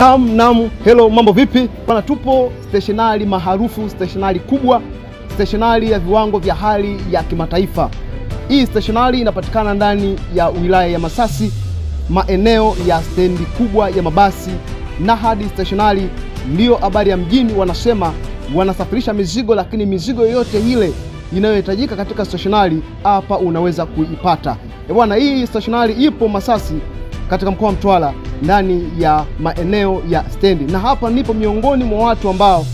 Tam nam, hello, mambo vipi bana? Tupo steshonari maharufu steshonari kubwa, steshonari ya viwango vya hali ya kimataifa. Hii steshonari inapatikana ndani ya wilaya ya Masasi, maeneo ya stendi kubwa ya mabasi. na hadi Steshonari ndiyo habari ya mjini, wanasema wanasafirisha mizigo, lakini mizigo yoyote ile inayohitajika katika steshonari hapa unaweza kuipata e bwana. Hii steshonari ipo Masasi katika mkoa wa Mtwara ndani ya maeneo ya stendi, na hapa nipo miongoni mwa watu ambao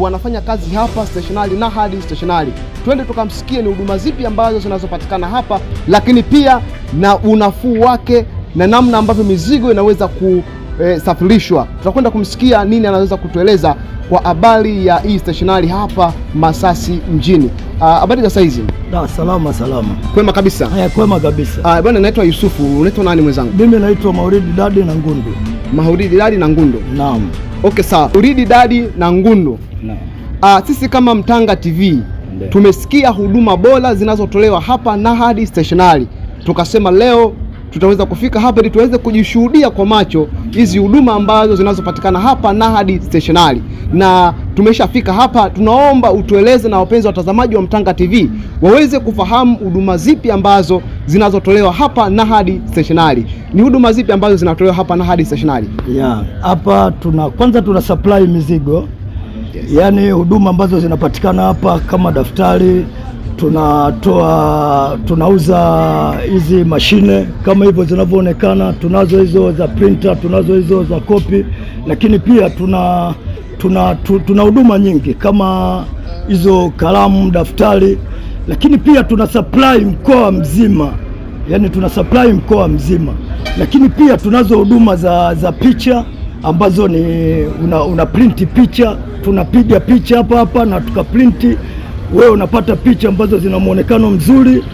wanafanya kazi hapa steshonari na hadi steshonari. Twende tukamsikie ni huduma zipi ambazo zinazopatikana hapa, lakini pia na unafuu wake na namna ambavyo mizigo inaweza ku e, safirishwa. Tutakwenda kumsikia nini anaweza kutueleza kwa habari ya hii stationari hapa Masasi mjini. Habari za saizi? Da, salama salama. Kwema kabisa. Haya, kwema kabisa. Bwana, naitwa Yusufu. Unaitwa nani mwenzangu? Mimi naitwa Mauridi Dadi na Ngundu. Mauridi Dadi na Ngundu. Naam. Okay, sawa. Mauridi Dadi na Ngundu. Naam. Ah, sisi kama Mtanga TV tumesikia huduma bora zinazotolewa hapa na hadi steshonari, tukasema leo tutaweza kufika hapa ili tuweze kujishuhudia kwa macho hizi huduma ambazo zinazopatikana hapa hadi Stationery, na tumeshafika hapa. Tunaomba utueleze na wapenzi watazamaji wa Mtanga TV waweze kufahamu huduma zipi ambazo zinazotolewa hapa Nahad Stationery. Ni huduma zipi ambazo zinatolewa hapa Nahad Stationery? Yeah, hapa tuna kwanza tuna supply mizigo Yes. Yaani huduma ambazo zinapatikana hapa kama daftari tunatoa tunauza hizi mashine kama hivyo zinavyoonekana, tunazo hizo za printer, tunazo hizo za kopi, lakini pia tuna tuna tuna huduma nyingi kama hizo kalamu, daftari, lakini pia tuna supply mkoa mzima, yani tuna supply mkoa mzima, lakini pia tunazo huduma za, za picha ambazo ni una, una printi picha, tunapiga picha hapa hapa na tukaprinti wewe unapata picha ambazo zina mwonekano mzuri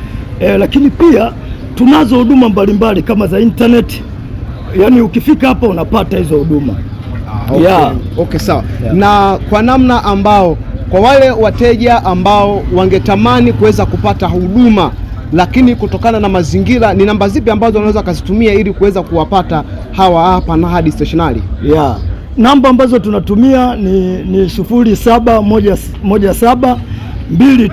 eh, lakini pia tunazo huduma mbalimbali kama za internet, yani ukifika hapa unapata hizo huduma. Ah, okay. Yeah. Okay, sawa. Yeah. Na kwa namna ambao kwa wale wateja ambao wangetamani kuweza kupata huduma lakini kutokana na mazingira, ni namba zipi ambazo wanaweza wakazitumia ili kuweza kuwapata hawa hapa na hadi Yeah. Namba ambazo tunatumia ni, ni saba moja, moja saba mbili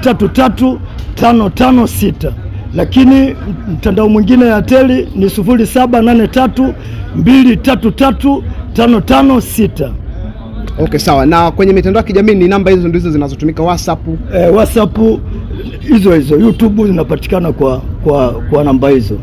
lakini mtandao mwingine ya teli ni sufuri saba Okay, sawa. Na kwenye mitandao ya kijamii ni namba hizo ndizo zinazotumika WhatsApp, eh, WhatsApp hizo hizo, YouTube zinapatikana kwa, kwa, kwa namba hizo.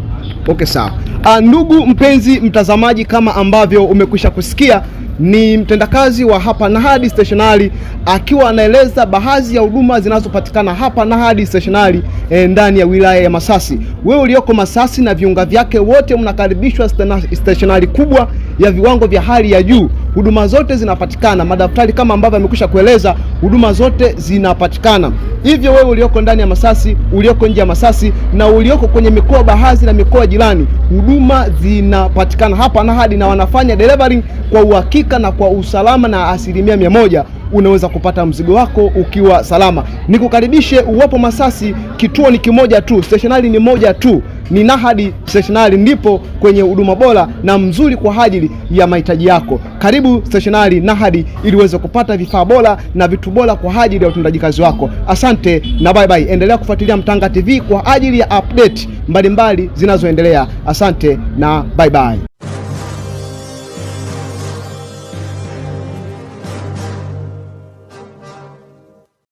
Okay, sawa. Ah, ndugu mpenzi mtazamaji, kama ambavyo umekwisha kusikia ni mtendakazi wa hapa hadi Stationery akiwa anaeleza baadhi ya huduma zinazopatikana hapa Nahadi Stationery e, ndani ya wilaya ya Masasi. Wewe ulioko Masasi na viunga vyake wote mnakaribishwa stationari kubwa ya viwango vya hali ya juu. Huduma zote zinapatikana, madaftari kama ambavyo amekwisha kueleza, huduma zote zinapatikana. Hivyo wewe ulioko ndani ya Masasi, ulioko nje ya Masasi na ulioko kwenye mikoa bahazi na mikoa jirani, huduma zinapatikana hapa na hadi na wanafanya delivery kwa uhakika na kwa usalama na asilimia mia moja unaweza kupata mzigo wako ukiwa salama. Nikukaribishe uwepo Masasi, kituo ni kimoja tu, steshonari ni moja tu, ni Nahadi Steshonari, ndipo kwenye huduma bora na mzuri kwa ajili ya mahitaji yako. Karibu steshonari Nahadi ili uweze kupata vifaa bora na vitu bora kwa ajili ya utendaji kazi wako. Asante na bye bye. Endelea kufuatilia Mtanga TV kwa ajili ya update mbalimbali zinazoendelea. Asante na bye bye.